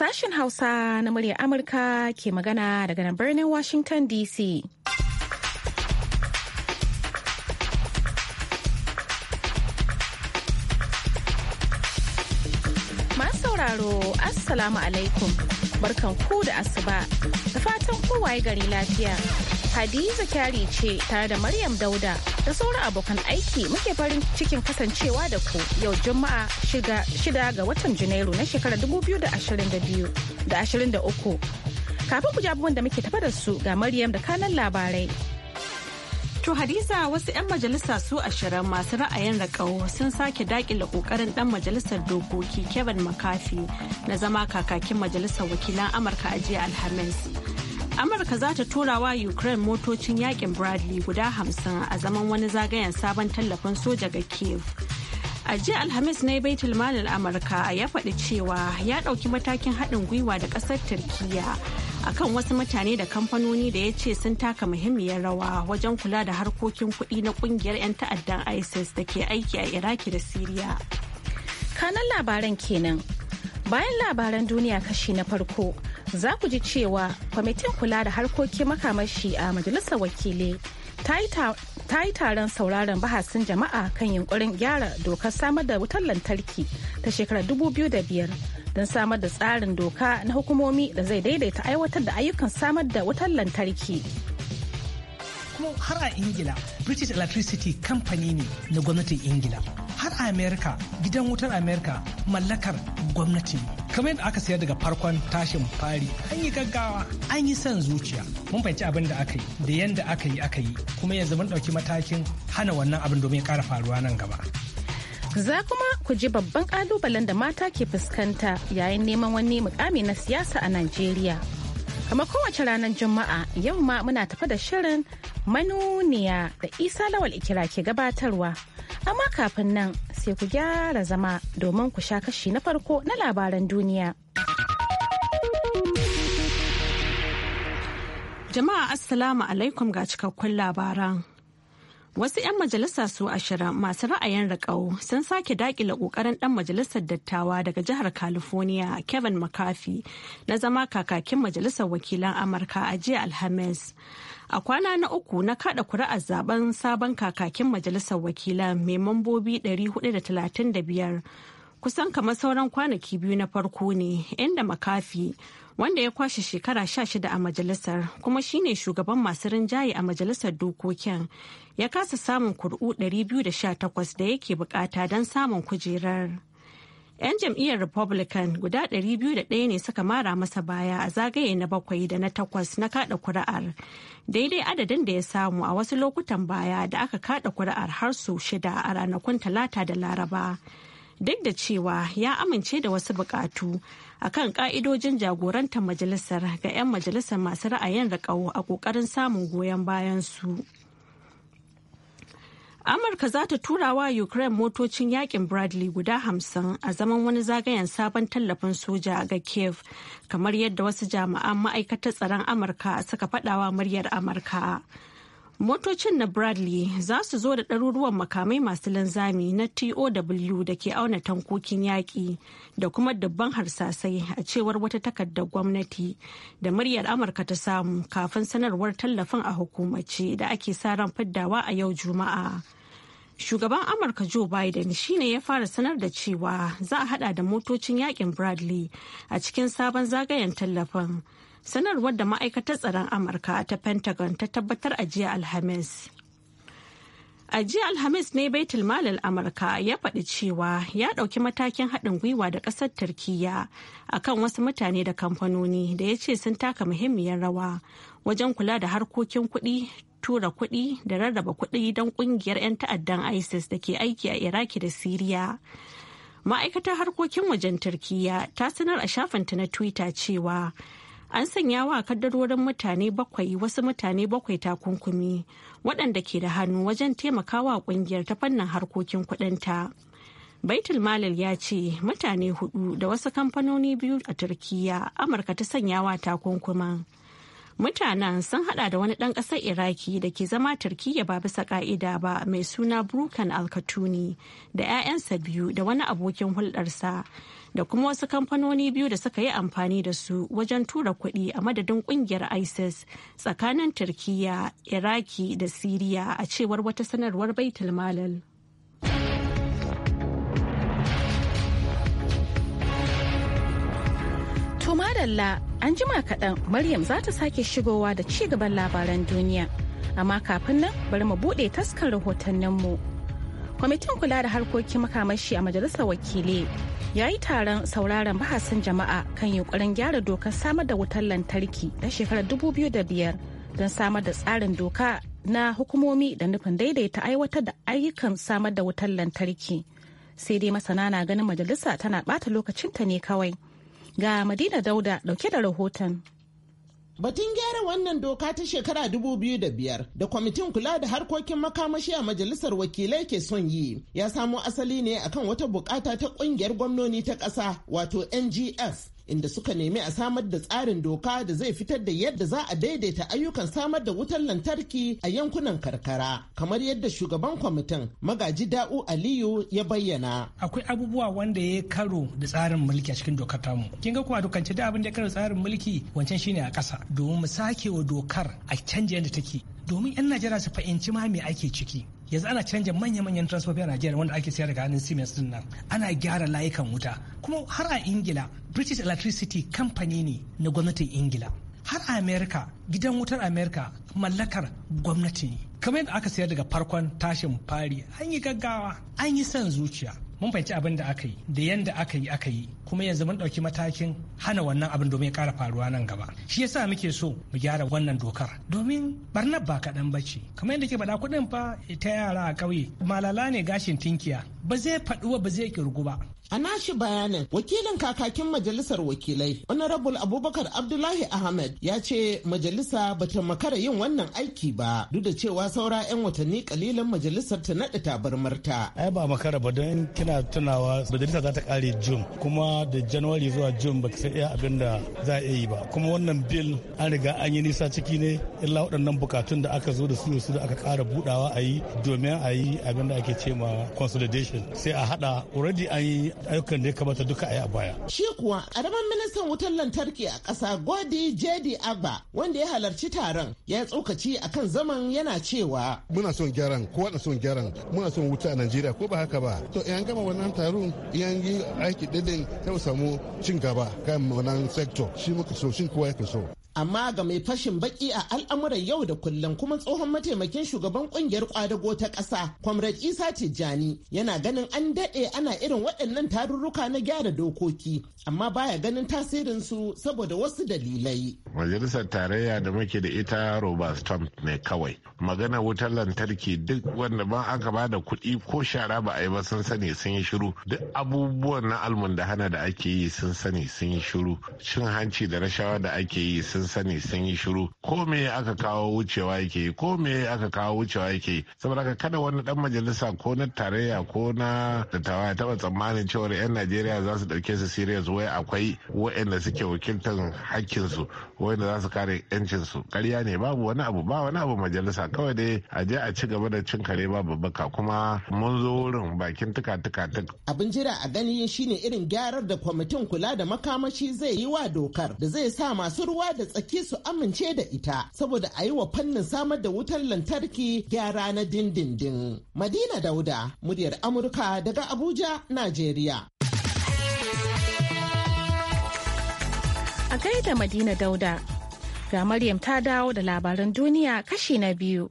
Sashen Hausa na murya Amurka ke magana daga nan birnin Washington DC. Masu sauraro, Assalamu alaikum, barkan ku da asuba, da fatan kowaye gari lafiya. Hadiza Kyari ce tare da Maryam Dauda da sauran abokan aiki muke farin cikin kasancewa da ku yau Juma'a shida ga watan Janairu na shekarar 2022 da 23. Kafin ku jabi abubuwan muke tafa da su ga Maryam da kanan labarai. To Hadiza wasu 'yan majalisa su ashirin masu ra'ayin raƙau sun sake daƙile ƙoƙarin ɗan majalisar dokoki Kevin McCarthy na zama kakakin majalisar wakilan Amurka a jiya Alhamis. amurka za ta tura wa ukraine motocin yakin bradley guda hamsin a zaman wani zagayen sabon tallafin soja ga kiev a jiya alhamis ne baitul malin amurka ya faɗi cewa ya ɗauki matakin haɗin gwiwa da ƙasar turkiya akan wasu mutane da kamfanoni da ya ce sun taka muhimmiyar rawa wajen kula da harkokin kuɗi na ƙungiyar 'yan ta'addan isis da ke aiki a iraki da siriya kanan labaran kenan bayan labaran duniya kashi na farko za ku ji cewa kwamitin kula da harkokin makamashi a majalisar wakilai ta yi taron sauraron bahasin jama'a kan yunkurin gyara dokar samar da wutar lantarki ta shekarar 2005 don samar da tsarin doka na hukumomi da zai daidaita aiwatar da ayyukan samar da wutar lantarki. kuma har a ingila british electricity company ne na gwamnatin ingila har a america gidan wutar america mallakar gwamnati kamar yadda aka sayar daga farkon tashin fari an yi gaggawa an yi son zuciya mun fahimci abin da aka yi da yadda aka yi aka yi kuma yanzu mun ɗauki matakin hana wannan abin domin ƙara faruwa nan gaba za kuma ku ji babban kalubalen da mata ke fuskanta yayin neman wani mukami na siyasa a najeriya kamar kowace ranar juma'a yau ma muna tafa da shirin manuniya da isa lawal ikira ke gabatarwa Amma kafin nan sai ku gyara zama domin ku sha kashi na farko na labaran duniya. Jama'a Assalamu alaikum ga cikakkun labaran. Wasu 'yan majalisa su ashirin masu ra'ayin riƙau sun sake dakila ƙoƙarin ɗan majalisar dattawa daga jihar California Kevin McCarthy na zama kakakin majalisar wakilan Amurka a jiya Alhamis. a kwana na uku na kada kuri'ar zaben sabon kakakin majalisar wakilan mai mambobi 435 kusan kamar sauran kwanaki biyu na farko ne inda makafi wanda ya kwashe shekara 16 a majalisar kuma shine shugaban masu rinjaye a majalisar dokokin ya kasa samun kuri'u 218 da yake bukata don samun kujerar. 'Yan jam'iyyar Republican guda 201 ne suka mara masa baya a zagaye na bakwai da na takwas na kada kuri'ar. Daidai adadin da ya samu a wasu lokutan baya da aka kada kuri'ar har su shida a ranakun Talata da Laraba. Duk da cewa ya amince da wasu bukatu kan ka'idojin jagorantar majalisar ga 'yan majalisar masu ra'ayin a ƙoƙarin samun goyon bayan su. Amurka za ta tura wa Ukraine motocin yakin Bradley guda hamsin a zaman wani zagayen sabon tallafin soja ga Kiev, kamar yadda wasu jami'an ma'aikatar tsaron Amurka suka faɗawa muryar Amurka. Motocin na Bradley za su zo da ɗaruruwan makamai masu linzami na TOW da ke auna tankokin yaƙi da kuma dubban harsasai a cewar wata takardar gwamnati da muryar Amurka ta samu kafin sanarwar tallafin a hukumace da ake sa ran fiddawa a yau Juma'a. Shugaban Amurka Joe Biden ne ya fara sanar da cewa za a hada da motocin yakin Bradley a cikin sabon zagayen tallafin. Sanarwar da ma'aikatar tsaron Amurka ta Pentagon ta tabbatar a jiya Alhamis. A jiya Alhamis ne Baitul Malal Amurka ya faɗi cewa ya ɗauki matakin haɗin gwiwa da ƙasar Turkiyya akan wasu mutane da kamfanoni da ya ce sun taka muhimmiyar rawa wajen kula da harkokin kuɗi tura kuɗi da rarraba kuɗi don ƙungiyar 'yan ta'addan isis da ke aiki a iraki da siriya ma'aikatar harkokin wajen turkiya ta sanar a shafinta na twitter cewa an sanya wa kaddarorin mutane bakwai wasu mutane bakwai takunkumi waɗanda ke da hannu wajen taimakawa ƙungiyar ta fannin harkokin kuɗinta. baitul malal ya ce mutane hudu da wasu kamfanoni biyu a turkiya amurka ta sanyawa takunkuman Mutanen sun hada da wani ɗan ƙasar Iraki da ke zama Turkiyya ba bisa ƙa'ida ba mai suna Brukan Alkatuni da 'ya'yansa biyu da wani abokin hulɗarsa da kuma wasu kamfanoni biyu da suka yi amfani da su wajen tura kuɗi a madadin ƙungiyar ISIS tsakanin Turkiyya, Iraki da Siriya a cewar wata sanarwar Baitul Malal. madalla an jima kaɗan Maryam za ta sake shigowa da ci gaban labaran duniya. Amma kafin nan bari mu buɗe taskar rahotanninmu. Kwamitin kula da harkokin makamashi a majalisar wakilai ya yi taron sauraron bahasin jama'a kan yunkurin gyara dokar samar da wutar lantarki na shekarar dubu biyu da biyar don samar da tsarin doka na hukumomi da nufin daidaita aiwatar da ayyukan samar da wutar lantarki. Sai dai masana na ganin majalisa tana ɓata lokacinta ne kawai. Ga Madina Dauda dauke da rahoton. Batun gyara wannan doka ta shekara 2005 da kwamitin kula da harkokin makamashi a majalisar wakilai ke son yi ya samo asali ne akan wata bukata ta kungiyar gwamnoni ta ƙasa wato NGF inda suka nemi a samar da tsarin doka da zai fitar da yadda za a daidaita ayyukan samar da wutar lantarki a yankunan karkara kamar yadda shugaban kwamitin magaji da'u aliyu ya bayyana akwai abubuwa wanda ya karo da tsarin mulki a cikin dokar tamu kin ga kuma dokance da abin da ya karo tsarin mulki wancan shine a ƙasa domin mu sake wa dokar a canja yadda take domin 'yan najeriya su fahimci ma me ake ciki yanzu ana canja manya-manyan transfofi a Najeriya wanda ake sayar daga hannun Siemens din nan ana gyara layukan wuta kuma har a Ingila British Electricity company ne na gwamnatin Ingila har a America gidan wutar America mallakar gwamnati ne kamar yadda aka sayar daga farkon tashin fari an yi gaggawa an yi son zuciya mun fahimci abin da aka yi da yadda aka yi aka yi kuma yanzu mun ɗauki matakin hana wannan abin domin ya ƙara faruwa nan gaba shi yasa muke so mu gyara wannan dokar domin barnar ba kaɗan ba ce kamar yadda ke faɗa kuɗin fa ta yara a ƙauye malala ne gashin tinkiya ba zai faɗuwa ba zai ƙirgu ba A nashi bayanin wakilin kakakin majalisar wakilai Honorable Abubakar Abdullahi Ahmed ya ce majalisa ba ta makara yin wannan aiki ba duk da cewa saura 'yan watanni kalilan majalisar ta naɗa tabarmarta. Ai ba makara ba don kina tunawa majalisa za ta kare Jun kuma da Januwari zuwa Jun ba san iya abin da za a yi ba kuma wannan bil an riga an yi nisa ciki ne illa waɗannan bukatun da aka zo da su su da aka ƙara budawa a yi domin a yi abin da ake ce ma consolidation sai a haɗa already an yi ayyukan da ya kamata duka a yi a baya. Shi kuwa ƙaramin ministan wutar lantarki a ƙasa Godi Jedi Agba wanda ya halarci taron ya tsokaci a kan zaman yana cewa. Muna son gyaran ko na son gyaran muna son wuta a Najeriya ko ba haka ba. To yan gama wannan taron yan yi aiki daidai sai samu cin gaba kan wannan sector shi muka so shi kowa ya so. amma ga mai fashin baki a al'amuran yau da kullum kuma tsohon mataimakin shugaban kungiyar kwadago ta ƙasa comrade isa tijjani yana ganin an daɗe ana irin waɗannan tarurruka na gyara dokoki amma baya ganin tasirin su saboda wasu dalilai majalisar tarayya da muke da ita robert stump ne kawai magana wutar lantarki duk wanda ban aka ba da kuɗi ko shara ba a yi ba sun sani sun yi shiru duk abubuwan na hana da ake yi sun sani sun yi shiru cin hanci da rashawa da ake yi sun sun sani sun yi shiru ko me aka kawo wucewa yake ko me aka kawo wucewa yake saboda ka kada wani dan majalisa ko na tarayya ko na dattawa ya taba tsammanin cewa yan najeriya za su dauke su serious wai akwai waanda suke wakiltan hakkin su wa'anda za su kare yancin su ƙarya ne babu wani abu ba wani abu majalisa kawai dai a je a ci gaba da cin kare babu baka kuma mun zo wurin bakin tuka tuka tuk. abin jira a gani shine irin gyarar da kwamitin kula da makamashi zai yi wa dokar da zai sa masu ruwa da tsaki su amince da ita saboda a yi wa fannin samar da wutar lantarki gyara na dindindin. Madina Dauda, muryar Amurka daga Abuja, Najeriya. A gaida Madina Dauda, ga Maryam ta dawo da labaran duniya kashi na biyu.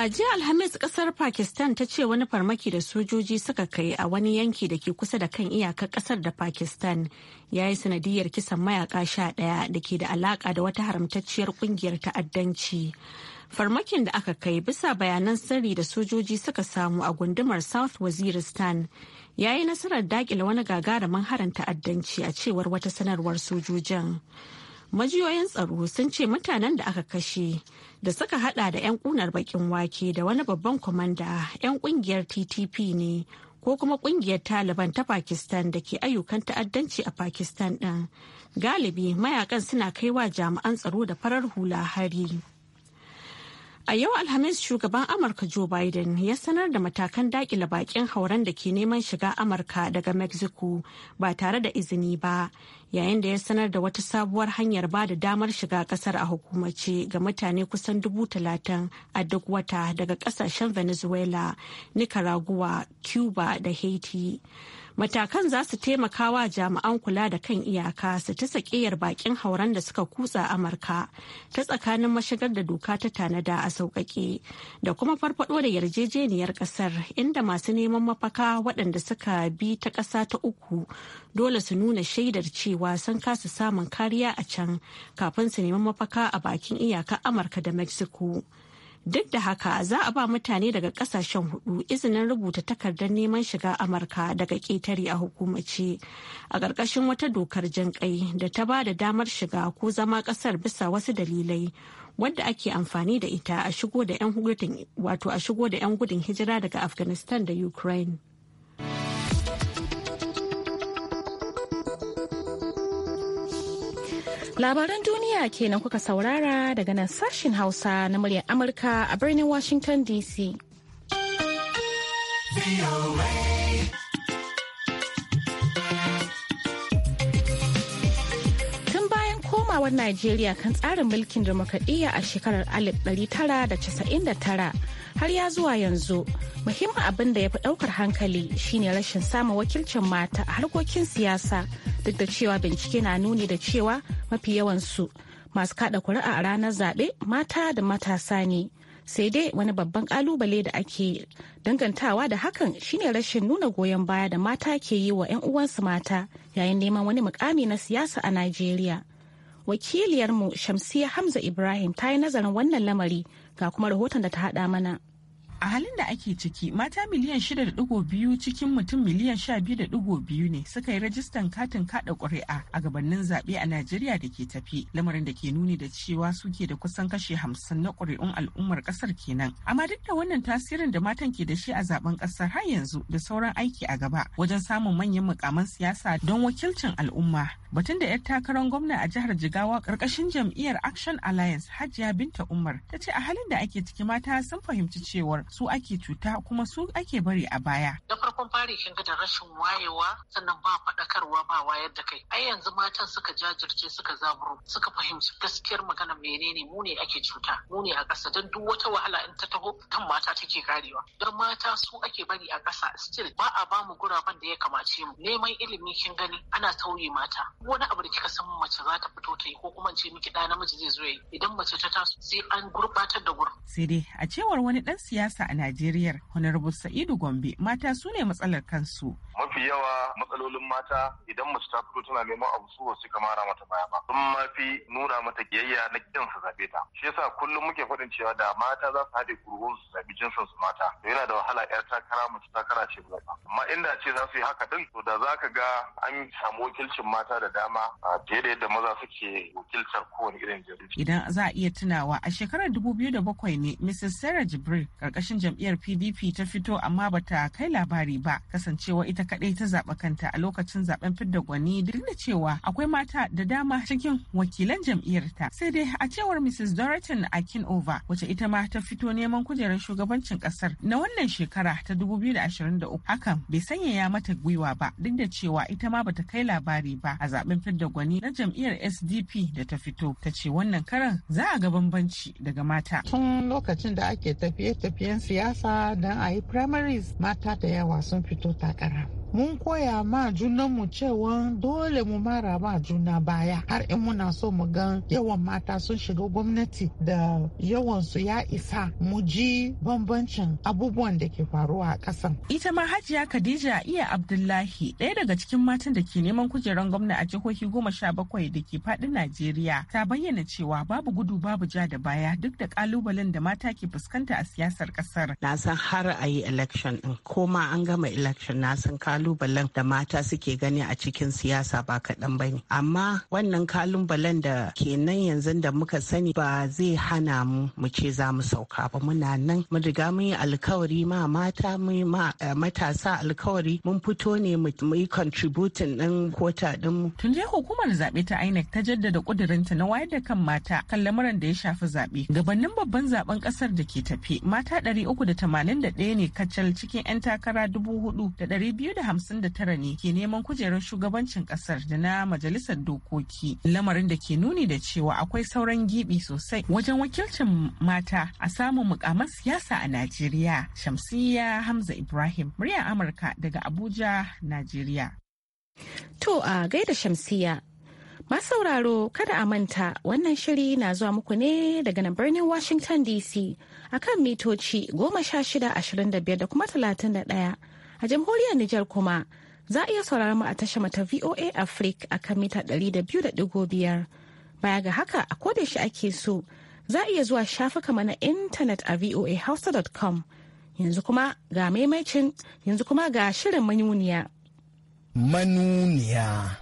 A jiya Alhamis kasar Pakistan ta ce wani farmaki da sojoji suka kai a wani yanki da ke kusa da kan iyakar kasar da Pakistan ya yi sanadiyar kisan mayaka sha ɗaya da ke da alaka da wata haramtacciyar kungiyar ta'addanci. Farmakin da aka kai bisa bayanan sirri da sojoji suka samu a gundumar South Waziristan ya yi nasarar dakile wani gagaraman harin ta'addanci a cewar wata sanarwar sojojin. Majiyoyin tsaro sun ce mutanen da aka kashe da suka hada da 'yan kunar bakin wake da wani babban kwamanda 'yan kungiyar ttp ne ko kuma kungiyar taliban ta pakistan da ke ayyukan ta'addanci a pakistan din galibi mayakan suna kaiwa jami'an tsaro da farar hula hari. A yau Alhamis shugaban Amurka Joe Biden ya sanar da matakan daƙile bakin hauren da ke neman shiga Amurka daga Mexico ba tare da izini ba, yayin da ya sanar da wata sabuwar hanyar ba da damar shiga kasar a hukumace ga mutane kusan dubu talatin a duk wata daga kasashen Venezuela, Nicaragua, Cuba da Haiti. matakan za su taimaka wa jami'an kula da kan iyaka su ta sakiyar bakin hauren da suka kutsa amurka ta tsakanin mashigar da doka ta tanada a sauƙaƙe da kuma farfado da yarjejeniyar ƙasar inda masu neman mafaka waɗanda suka bi ta ƙasa ta uku dole su nuna shaidar cewa sun kasa samun kariya a can kafin su neman mafaka a bakin iyaka amurka da mexico Duk da haka za a ba mutane daga kasashen hudu izinin rubuta takardar neman shiga Amurka daga ƙetare a hukumace a ƙarƙashin wata dokar jinƙai da ta ba da damar shiga ko zama ƙasar bisa wasu dalilai wadda ake amfani da ita a shigo da 'yan gudun hijira daga Afghanistan da Ukraine. Labaran duniya kenan kuka saurara daga nan sashen Hausa na muryar Amurka a birnin Washington DC. Tun bayan komawar Najeriya kan tsarin mulkin demokradiyya a shekarar 1999 har ya zuwa yanzu muhimmin abin da ya fi daukar hankali shine rashin samun wakilcin mata a harkokin siyasa. duk da cewa bincike na nuni da cewa mafi yawansu masu kada kuri'a a ranar zaɓe mata da matasa ne sai dai wani babban kalubale da ake dangantawa da hakan shine rashin nuna goyon baya da mata ke yi wa 'yan uwansu mata yayin neman wani mukami na siyasa a najeriya wakiliyarmu shamsiya hamza ibrahim ta yi nazarin wannan lamari ga kuma rahoton da ta haɗa mana a halin da ake ciki mata miliyan 6.2 cikin mutum miliyan 12.2 ne suka yi rajistan katin kada ƙuri'a a gabanin zaɓe a Najeriya da ke tafi lamarin da ke nuni da cewa suke da kusan kashe 50 na ƙuri'un al'ummar ƙasar kenan amma duk da wannan tasirin da matan ke da shi a zaben ƙasar har yanzu da sauran aiki a gaba wajen samun manyan mukaman siyasa don wakilcin al'umma batun da 'yar takarar gwamna a jihar Jigawa ƙarƙashin jam'iyyar Action Alliance Hajiya Binta Umar ta ce a halin da ake ciki mata sun fahimci cewar su ake cuta kuma su ake bari a baya. Da farkon fari kin ga da rashin wayewa sannan ba faɗakarwa ba wayar da kai. Ai yanzu matan suka jajirce suka zaburo suka fahimci gaskiyar magana menene mu ne ake cuta mu ne a ƙasa don duk wata wahala in ta taho kan mata take karewa. Don mata su ake bari a ƙasa still ba a bamu guraben da ya kamace mu. Neman ilimi kin gani ana tauye mata. Wani abu da kika san mace za ta fito ta yi ko kuma ce miki ɗa namiji zai zo ya yi. Idan mace ta taso sai an gurɓatar da gurin. Sai dai a cewar wani ɗan siyasa majalisa a Najeriya Honorable Sa'idu Gombe mata su ne matsalar kansu. mafi yawa matsalolin mata idan mace ta fito tana neman abu su ba wasu kamara mata baya ba sun ma fi nuna mata kiyayya na kin su zabe ta shi yasa kullum muke faɗin cewa da mata za su haɗe kurgun su zabi jinsin su mata to yana da wahala yar takara mace takara ce ba amma inda ce za su yi haka din to da za ka ga an samu wakilcin mata da dama a fiye da yadda maza suke wakiltar kowane irin jinsi idan za a iya tunawa a shekarar dubu biyu da bakwai ne Mrs. Sarah Jibril karkashin jam'iyyar PDP ta fito amma bata kai labari ba kasancewa ita kaɗai kadai ta zaɓa kanta a lokacin zaɓen fidda gwani duk da cewa akwai mata da dama cikin wakilan jam'iyyarta. Sai dai a cewar Mrs. Dorothy Over wace ita ma ta fito neman kujerar shugabancin kasar na wannan shekara ta da uku hakan bai sanyaya mata gwiwa ba duk da cewa ita ma bata kai labari ba a zaɓen fidda gwani na jam'iyyar SDP da ta fito ta ce wannan karan za a ga bambanci daga mata. Tun lokacin da ake tafiye-tafiyen siyasa don a yi primaries mata da yawa sun fito takara. mun koya ma junanmu cewa dole mu mara ma juna baya har in muna so mu ga yawan mata sun shiga gwamnati da yawan su ya isa mu ji bambancin abubuwan da ke faruwa a ƙasan. Ita ma Hajiya Khadija iya Abdullahi ɗaya daga cikin matan da ke neman kujerar gwamna a jihohi goma sha bakwai da ke faɗin Najeriya ta bayyana cewa babu gudu babu ja da baya duk da ƙalubalen da mata ke fuskanta a siyasar ƙasar. Na san har a yi election ɗin ko ma an gama election na san kalubalen da mata suke gani a cikin siyasa ba kaɗan ba ne amma wannan kalubalen da ke nan yanzu da muka sani ba zai hana mu mu ce za mu sauka ba muna nan mun riga mun yi alkawari ma mata mun ma eh, matasa alkawari mun fito ne mu yi contributing ɗin kota mu. tun dai hukumar zaɓe ta INEC ta jaddada ƙudurinta na wayar da kan mata kan lamuran da ya shafi zaɓe gabanin babban zaben ƙasar da ke tafi mata 381 ne kacal cikin 'yan takara 4,250 tara ne ke neman kujerar shugabancin kasar da na majalisar dokoki lamarin da ke nuni da cewa akwai sauran gibi sosai wajen wakilcin mata a samun mukamar siyasa a najeriya shamsiya hamza ibrahim muryar amurka daga abuja najeriya to a gaida shamsiya masauraro kada a manta wannan shiri na zuwa muku ne daga nan birnin Washington DC akan mitoci 1625 da kuma 31 A jamhuriyar Nijar kuma za a iya saurari mu a tasha mata VOA Africa a kan mita 200.5. Baya ga haka a koda shi ake so za a iya zuwa shafuka mana intanet a voahausa.com. Yanzu kuma ga maimacin yanzu kuma ga shirin manuniya. Manuniya.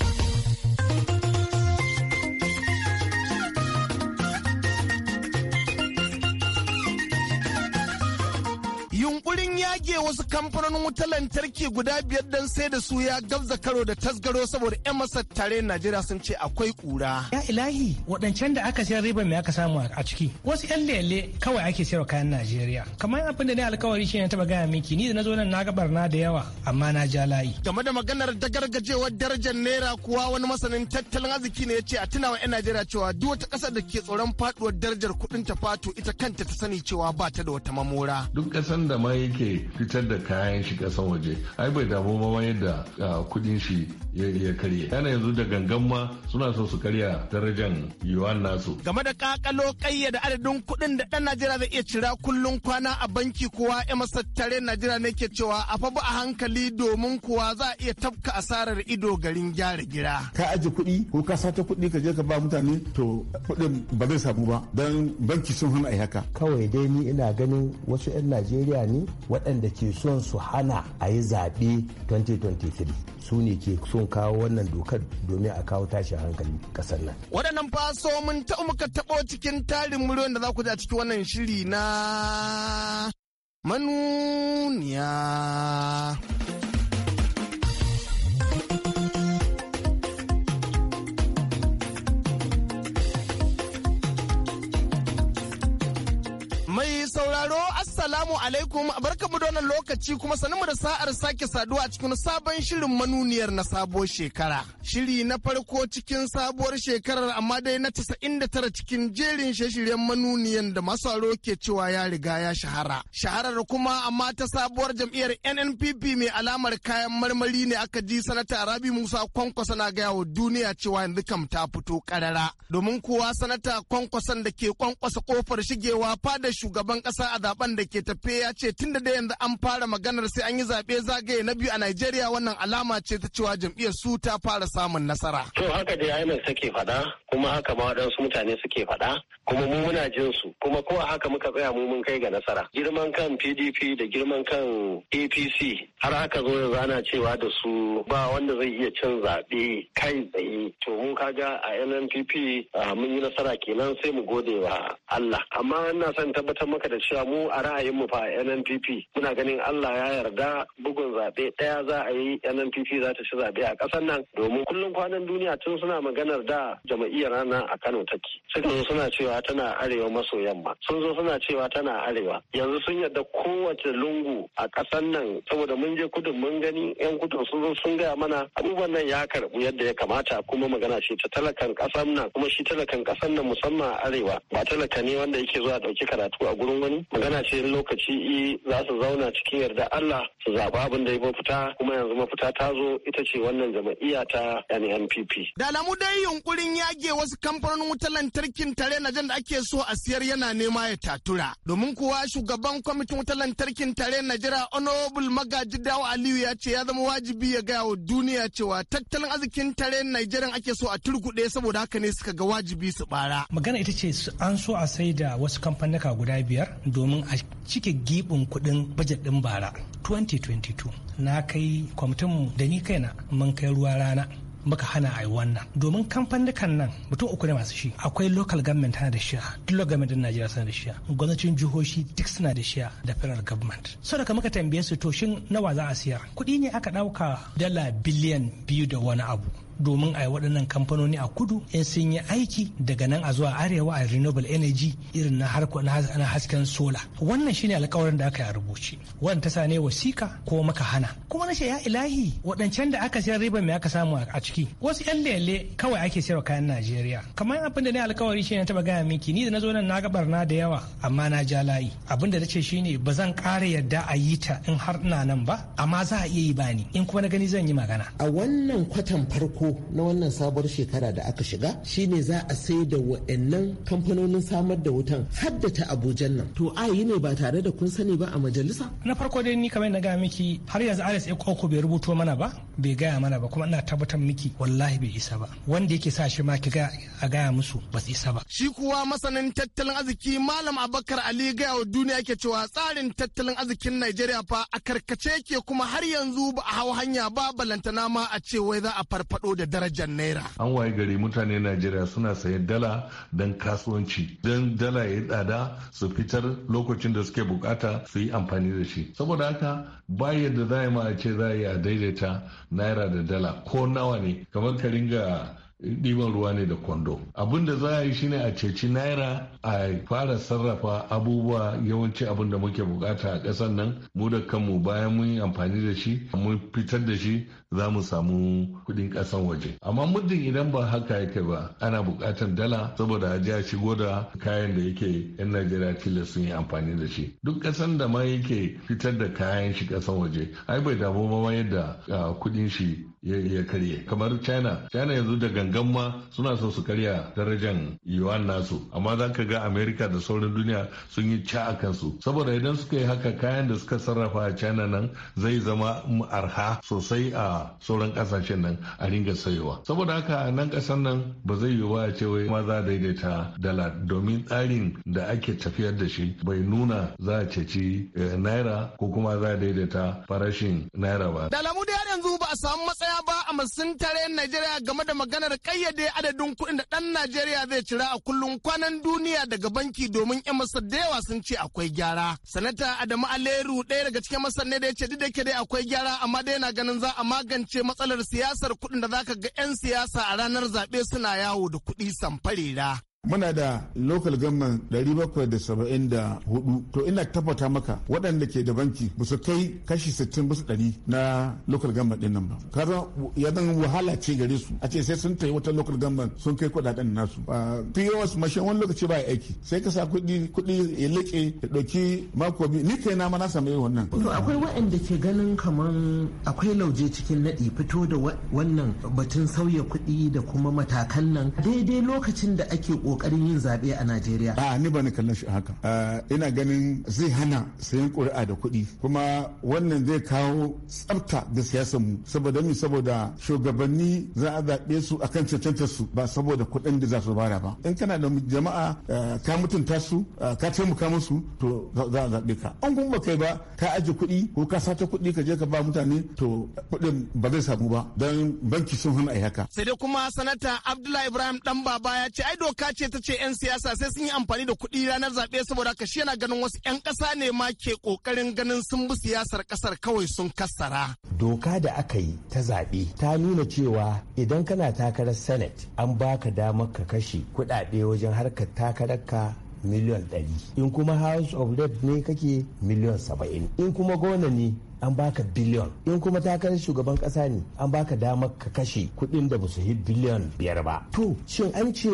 Yunkurin yage wasu kamfanonin wutar lantarki guda biyar don sai da su ya gabza karo da tasgaro saboda 'yan masar tare Najeriya sun ce akwai kura. Ya ilahi waɗancan da aka sayar riba mai aka samu a ciki wasu 'yan lele kawai ake sayarwa kayan Najeriya. Kamar abin da ne alkawari shi ne taɓa gaya miki ni da na zo nan na gabar na da yawa amma na ja layi. Game da maganar dagargajewar darajar naira kuwa wani masanin tattalin arziki ne ya ce a tunawa 'yan Najeriya cewa duk wata ƙasar da ke tsoron faɗuwar darajar kuɗin ta fato ita kanta ta sani cewa ba ta da wata mamora. Duk da ma yake fitar da kayan shi kasan waje ai bai damu ma yadda ah, kudin shi ya karye yana yanzu da gangan ma suna so su karya darajan yuan nasu game da kakalo kayyada adadin kudin da dan najeriya zai iya cira kullun kwana a banki kuwa ya masa tare najeriya ne ke cewa a fa a hankali domin kuwa za a iya tafka asarar ido garin gyara gira ka aje kuɗi ko ka sata kuɗi ka je ka ba mutane to kudin ba zai samu ba dan banki sun hana a haka kawai dai ni ina ganin wasu 'yan najeriya ne waɗanda ke son su hana a yi zaɓe 2023 su ne ke son kawo wannan dokar domin a kawo tashin hankali ƙasar nan. Waɗannan faso mun taɓa muka taɓo cikin tarin muryoyin da za ku ji a cikin wannan shiri na manuniya. salamu alaikum barkamu da wannan lokaci kuma sanin mu da sa'ar sake saduwa a cikin sabon shirin manuniyar na sabuwar shekara. Shiri na farko cikin sabuwar shekarar amma dai na casa'in da tara cikin jerin shirye-shiryen manuniyan da masu aro ke cewa ya riga ya shahara. Shaharar kuma amma ta sabuwar jam'iyyar NNPP mai alamar kayan marmari ne aka ji sanata Rabi Musa Kwankwasa na gaya wa duniya cewa yanzu kam ta fito karara. Domin kuwa sanata Kwankwasa da ke kwankwasa kofar shigewa da shugaban kasa a zaben da ke ke tafe ya ce tun da yanzu an fara maganar sai an yi zaɓe zagaye na biyu a Najeriya wannan alama ce ta cewa jam'iyyar su ta fara samun nasara. To haka dai INEC take faɗa kuma haka ma waɗansu mutane suke faɗa kuma mu muna jin su kuma ko haka muka tsaya mu mun kai ga nasara. Girman kan PDP da girman kan APC har aka zo yanzu ana cewa da su ba wanda zai iya cin zaɓe kai tsaye. To mun kaga a NNPP mun yi nasara kenan sai mu gode wa Allah. Amma ina son tabbatar maka da cewa mu a ra'ayi yi mu fa NNPP muna ganin Allah ya yarda bugun zaɓe ɗaya za a yi NNPP za ta ci zaɓe a ƙasar nan domin kullum kwanan duniya tun suna maganar da jama'iyyar nan a Kano take suka zo suna cewa tana arewa maso yamma sun zo suna cewa tana arewa yanzu sun yarda kowace lungu a ƙasar nan saboda mun je kudin mun gani yan kudin sun zo sun gaya mana abubuwan nan ya karɓu yadda ya kamata kuma magana ce ta talakan ƙasar nan kuma shi talakan ƙasar nan musamman arewa ba talaka ne wanda yake zuwa ɗauki karatu a gurin wani magana ce lokaci i za su zauna cikin yarda Allah su zaba abin da ya mafita kuma yanzu mafita ta zo ita ce wannan jama'iyya ta NNPP. Da alamu dai yunkurin yage wasu kamfanonin wutar lantarkin tare na jan da ake so a siyar yana nema ya tatura. Domin kuwa shugaban kwamitin wutar lantarkin tare na jira Honorable Magaji Dawo Aliyu ya ce ya zama wajibi ya gaya wa duniya cewa tattalin arzikin tare nigeria ake so a turkuɗe saboda haka ne suka ga wajibi su bara. Magana ita ce an so a sai da wasu ka guda biyar domin a cike gibin kuɗin bajet ɗin bara 2022 na kai kwamitin mu da ni kaina mun kai ruwa rana muka hana a yi wannan domin kamfanin nan mutum uku ne masu shi akwai local government tana da shiya duk local government din Najeriya suna da shiya gwamnatin jihohi duk suna da shiya da federal government so daga muka tambaye su to shin nawa za a siya kuɗi ne aka ɗauka dala biliyan biyu da wani abu domin a yi waɗannan kamfanoni a kudu in sun yi aiki daga nan a zuwa arewa a renewable energy irin na harko na hasken sola wannan shine alƙawarin da aka yi a rubuce wannan ta ne wasika ko maka hana kuma na ce ya ilahi waɗancan da aka sayar riba me aka samu a ciki wasu yan lele kawai ake sayarwa kayan najeriya kamar abin da ne alkawari shine ta gaya miki ni da na zo nan na ga barna da yawa amma na ja layi abin da ce shine ba zan ƙara yadda a yi ta in har ina nan ba amma za a iya yi bani in kuma na gani zan yi magana a wannan kwatan farko na wannan sabuwar shekara da aka shiga shine za a sai da wa'annan kamfanonin samar da wutan haddata abujan nan to a ne ba tare da kun sani ba a majalisa na farko dai ni kamar na ga miki har yanzu RSA ekoko bai rubuto mana ba bai gaya mana ba kuma ina tabbatar miki wallahi bai isa ba wanda yake sa shi ma ki ga a gaya musu ba su isa ba shi kuwa masanin tattalin arziki malam abakar ali gaya wa duniya yake cewa tsarin tattalin arzikin najeriya fa a karkace yake kuma har yanzu ba a hau hanya ba balantana ma a ce wai za a farfado da darajar naira. An waye gari mutane Najeriya suna sayan dala don kasuwanci. Don dala ya tsada su fitar lokacin da suke bukata su yi amfani da shi. Saboda haka ba yadda za ma a ce za a daidaita naira da dala ko nawa ne kamar ka ringa ɗiban ruwa ne da kwando abin da za a yi shine a ceci naira a fara sarrafa abubuwa yawanci abin da muke bukata a ƙasar nan mu da kanmu bayan mun yi amfani da shi mun fitar da shi za mu samu kuɗin kasan waje amma muddin idan ba haka yake ba ana bukatar dala saboda a shigo da kayan da yake 'yan najeriya tilas sun yi amfani da shi duk kasan da ma yake fitar da kayan shi ƙasan waje ai bai damu ba ma yadda kuɗin shi ya karye kamar china china yanzu da gangan ma suna so su karya darajan yuan nasu amma za ka ga america da sauran duniya sun yi ca a kansu saboda idan suka yi haka kayan da suka sarrafa a china nan zai zama arha sosai a sauran kasashen nan a ringa sayowa saboda haka nan kasan nan ba zai yi wa ce wai maza daidaita dala domin tsarin da ake tafiyar da shi bai nuna za a ceci eh, naira ko kuma za a daidaita farashin naira ba da alamu da yanzu ba a samu matsaya ba a masun tarayyar najeriya game da maganar kayyade adadin kuɗin da ɗan najeriya zai cira a kullum kwanan duniya daga banki domin yan masar da yawa sun ce akwai gyara sanata adamu aleru daya daga cikin masar ne da ya ce duk da dai akwai gyara amma dai na ganin za a magance matsalar siyasar kuɗin da zaka ga 'yan siyasa a ranar zaɓe suna yawo da kuɗi samfarera Muna da local government 774 to ina tabbata maka waɗanda ke da banki ba kai kashi 60 bisa ɗari na local government ɗin nan ba. Kaza ya zan wahala ce gare su a ce sai sun tayi wata local government sun kai kuɗaɗen nasu. POS mashin wani lokaci ba aiki sai ka sa kuɗi kuɗi ya leƙe ya ɗauki mako biyu ni kai na ma na samu wannan. To akwai waɗanda ke ganin kaman akwai lauje cikin naɗi fito da wannan batun sauya kuɗi da kuma matakan nan daidai lokacin da ake kokarin yin zaɓe a Najeriya. A ni ba ni kallon shi haka. Eh, ina ganin zai hana sayan ƙuri'a da kuɗi kuma wannan zai kawo tsafta da siyasar mu saboda mi saboda shugabanni za a zaɓe su akan cancantar su ba saboda kuɗin da za su bara ba. In kana da jama'a eh, ka mutunta su eh, ka taimaka musu to za a zaɓe ka. An kuma kai ba ka aje kuɗi ko ka sace kuɗi ka je ka ba mutane to kuɗin ba zai samu ba don banki sun hana a haka. Sai dai kuma sanata Abdullahi Ibrahim baba ya ce ai doka ce ta ce 'yan siyasa sai sun yi amfani da kuɗi ranar zaɓe saboda haka shi yana ganin wasu 'yan ƙasa ne ma ke ƙoƙarin ganin sun bi siyasar ƙasar kawai sun kassara. Doka da aka yi ta zaɓe ta nuna cewa idan kana takarar Senate an baka damar ka kashe kuɗaɗe wajen harkar takarar ka miliyan ɗari in kuma house of rep ne kake miliyan saba'in in kuma gona ne an baka biliyon in kuma takarar shugaban kasa ne an baka damar ka kashe kuɗin da basu yi biliyon biyar ba to shin an ce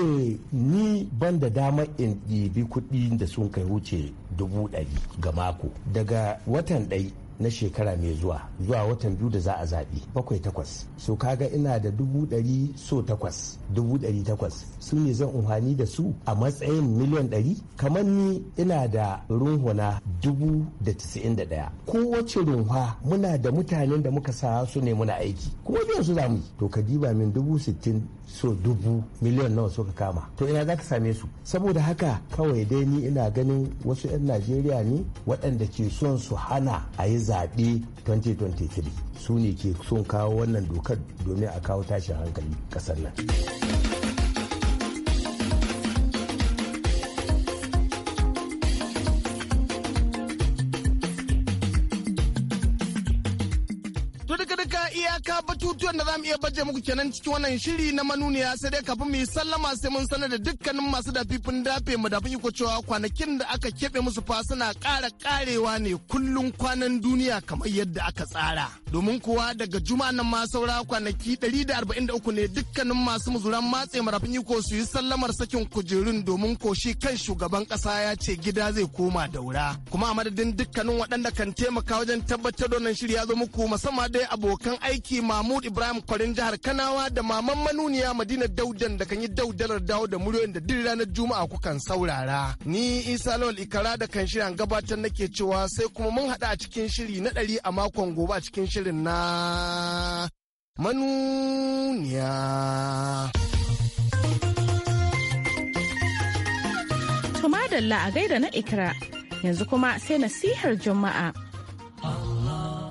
ni ban da damar in ɗibi kuɗi da sun kai wuce dubu ɗari ga mako daga watan ɗai na shekara mai zuwa zuwa watan biyu da za a zaɓi bakwai takwas so kaga ina da dubu ɗari so takwas dubu ɗari takwas su ne zan amfani da su a matsayin miliyan ɗari kamar ni ina da runhuna dubu da tisa'in da ɗaya kowace runha muna da mutanen da muka sa su ne muna aiki kuma biyan su za mu yi to ka diba min dubu sittin so dubu miliyan nawa so ka kama to ina za ka same su saboda haka kawai dai ni ina ganin wasu 'yan najeriya ne waɗanda ke son su hana a yi za zaɓe 2023 su ne ke son kawo wannan dokar domin a kawo tashin hankali ƙasar nan. buɗe muku kenan cikin wannan shiri na manuniya sai dai kafin mu yi sallama sai mun sanar da dukkanin masu dafifin dafe mu dafin ko cewa kwanakin da aka keɓe musu fa suna ƙara ƙarewa ne kullum kwanan duniya kamar yadda aka tsara. Domin kuwa daga juma nan ma saura kwanaki 143 ne dukkanin masu muzuran matse marafin ko su yi sallamar sakin kujerun domin ko shi kan shugaban kasa ya ce gida zai koma daura. Kuma a madadin dukkanin waɗanda kan taimaka wajen tabbatar da wannan shirya zo muku musamman dai abokan aiki Mahmud Ibrahim Kwarin jihar jihar da maman manuniya Madina Daudan da kan yi daudalar dawo da muryoyin da duk ranar Juma'a kukan saurara. Ni Isa Lawal Ikara da kan shirin gabatar nake cewa sai kuma mun haɗa a cikin shiri na ɗari a makon gobe a cikin shirin na manuniya. Tuma da a gaida na ikira yanzu kuma sai nasihar Juma'a.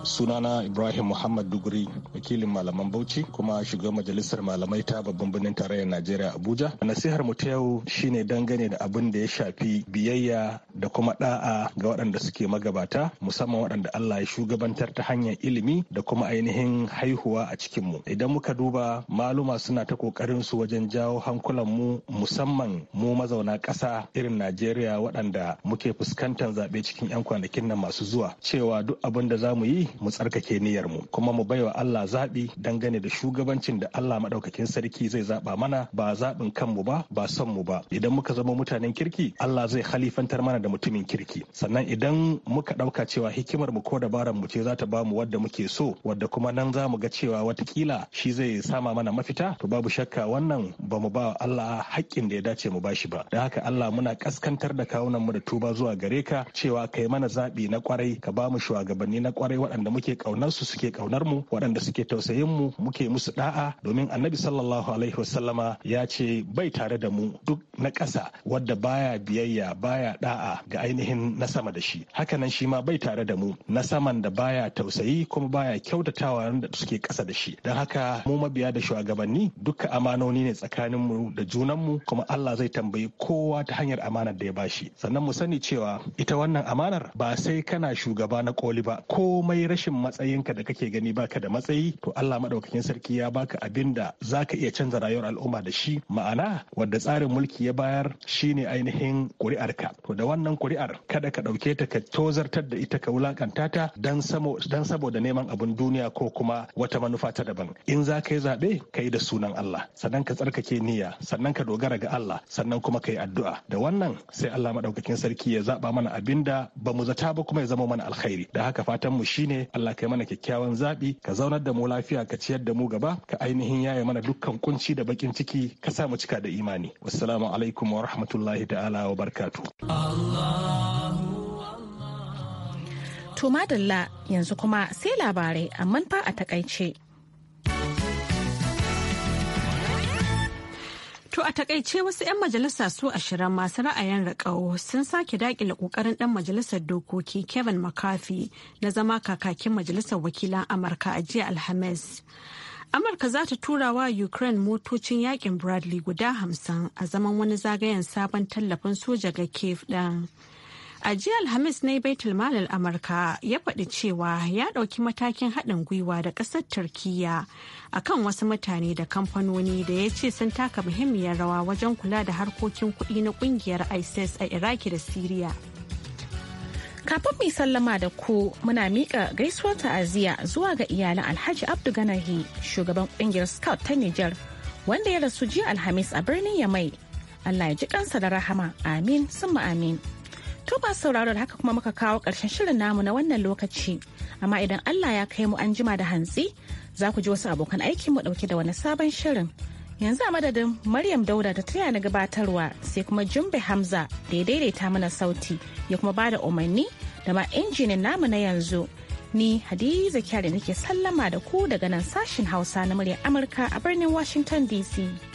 sunana ibrahim muhammad duguri wakilin malaman bauchi kuma shiga majalisar malamai ta babban birnin tarayyar najeriya abuja nasihar mu ta yau shine dangane da abin da ya shafi biyayya da kuma da'a ga waɗanda suke magabata musamman waɗanda allah ya shugabantar ta hanyar ilimi da kuma ainihin haihuwa a cikin mu idan muka duba maluma suna ta kokarin su wajen jawo hankulan mu musamman mu mazauna ƙasa irin najeriya waɗanda muke fuskantar zaɓe cikin 'yan kwanakin nan masu zuwa cewa duk abin da za mu yi mu tsarkake niyyar mu kuma mu baiwa Allah zaɓi dangane da shugabancin da Allah maɗaukakin sarki zai zaɓa mana ba zaɓin kanmu ba ba son mu ba idan muka zama mutanen kirki Allah zai halifantar mana da mutumin kirki sannan idan muka ɗauka cewa hikimar mu ko dabaran mu ce za ta bamu wadda muke so wadda kuma nan za mu ga cewa watakila shi zai sama mana mafita to babu shakka wannan ba mu ba Allah haƙƙin da ya dace mu bashi ba da haka Allah muna kaskantar da kawunan mu da tuba zuwa gare ka cewa kai mana zaɓi na kwarai ka bamu shugabanni na kwarai waɗanda waɗanda muke ƙaunar su suke ƙaunar mu waɗanda suke tausayin mu muke musu da'a domin annabi sallallahu alaihi wasallama ya ce bai tare da mu duk na ƙasa wadda baya biyayya baya da'a ga ainihin na sama da shi hakanan shi ma bai tare da mu na saman da baya tausayi kuma baya kyautatawa da suke ƙasa da shi don haka mu mabiya da shugabanni duka amanoni ne tsakanin mu da junan mu kuma Allah zai tambayi kowa ta hanyar amanar da ya bashi sannan mu sani cewa ita wannan amanar ba sai kana shugaba na koli ba komai rashin matsayinka da kake gani baka da matsayi to Allah madaukakin sarki ya baka abin da zaka iya canza rayuwar al'umma da shi ma'ana wanda tsarin mulki ya bayar shine ainihin ƙuri'arka to da wannan kuri'ar kada ka ɗauke ta ka tozartar da ita ka wulakanta ta dan saboda neman abun duniya ko kuma wata manufa ta daban in za ka yi zaɓe ka yi da sunan Allah sannan ka tsarkake niyya sannan ka dogara ga Allah sannan kuma ka yi addu'a da wannan sai Allah madaukakin sarki ya zaba mana abin da ba mu zata ba kuma ya zama mana alkhairi da haka fatan mu shine Allah kai mana kyakkyawan zaɓi ka zaunar da mu lafiya ka ciyar da mu gaba ka ainihin yaye mana dukkan kunci da bakin ciki ka sa mu cika da imani wassalamu alaikum wa rahmatullahi ta'ala wa barkatu. To madalla yanzu kuma sai labarai amma fa a takaice. To a takaice wasu 'yan majalisa su ashirin masu ra'ayin raƙau sun sake dakile ƙoƙarin ɗan majalisar dokoki Kevin McCarthy na zama kakakin majalisar wakilan Amurka a jiya Alhamis. Amurka za ta tura wa Ukraine motocin yakin Bradley guda hamsin a zaman wani zagayen sabon tallafin soja ga Kiev ɗin. A jiya Alhamis ne Baitul Malal Amurka ya faɗi cewa ya ɗauki matakin haɗin gwiwa da ƙasar Turkiyya kan wasu mutane da kamfanoni da ya ce sun taka muhimmiyar rawa wajen kula da harkokin kuɗi na ƙungiyar ISIS a Iraki da Siriya. Kafin mai sallama da ku muna miƙa gaisuwar ta'aziyya zuwa ga iyalan Alhaji Abdu Ganahi, shugaban ƙungiyar Scout ta Nijar, wanda ya rasu jiya Alhamis a birnin Yamai. Allah ya ji kansa da rahama, amin, sun amin. To ba sauraro da haka kuma muka kawo ƙarshen shirin namu na wannan lokaci. Amma idan Allah ya kai mu an jima da hantsi za ku ji wasu abokan aikin mu ɗauke da wani sabon shirin. Yanzu a madadin Maryam Dauda ta taya na gabatarwa sai kuma Jumbe Hamza da ya daidaita mana sauti ya kuma bada umarni da ma injinin namu na yanzu. Ni Hadiza Kyari nake sallama da ku daga nan sashin Hausa na muryar Amurka a birnin Washington DC.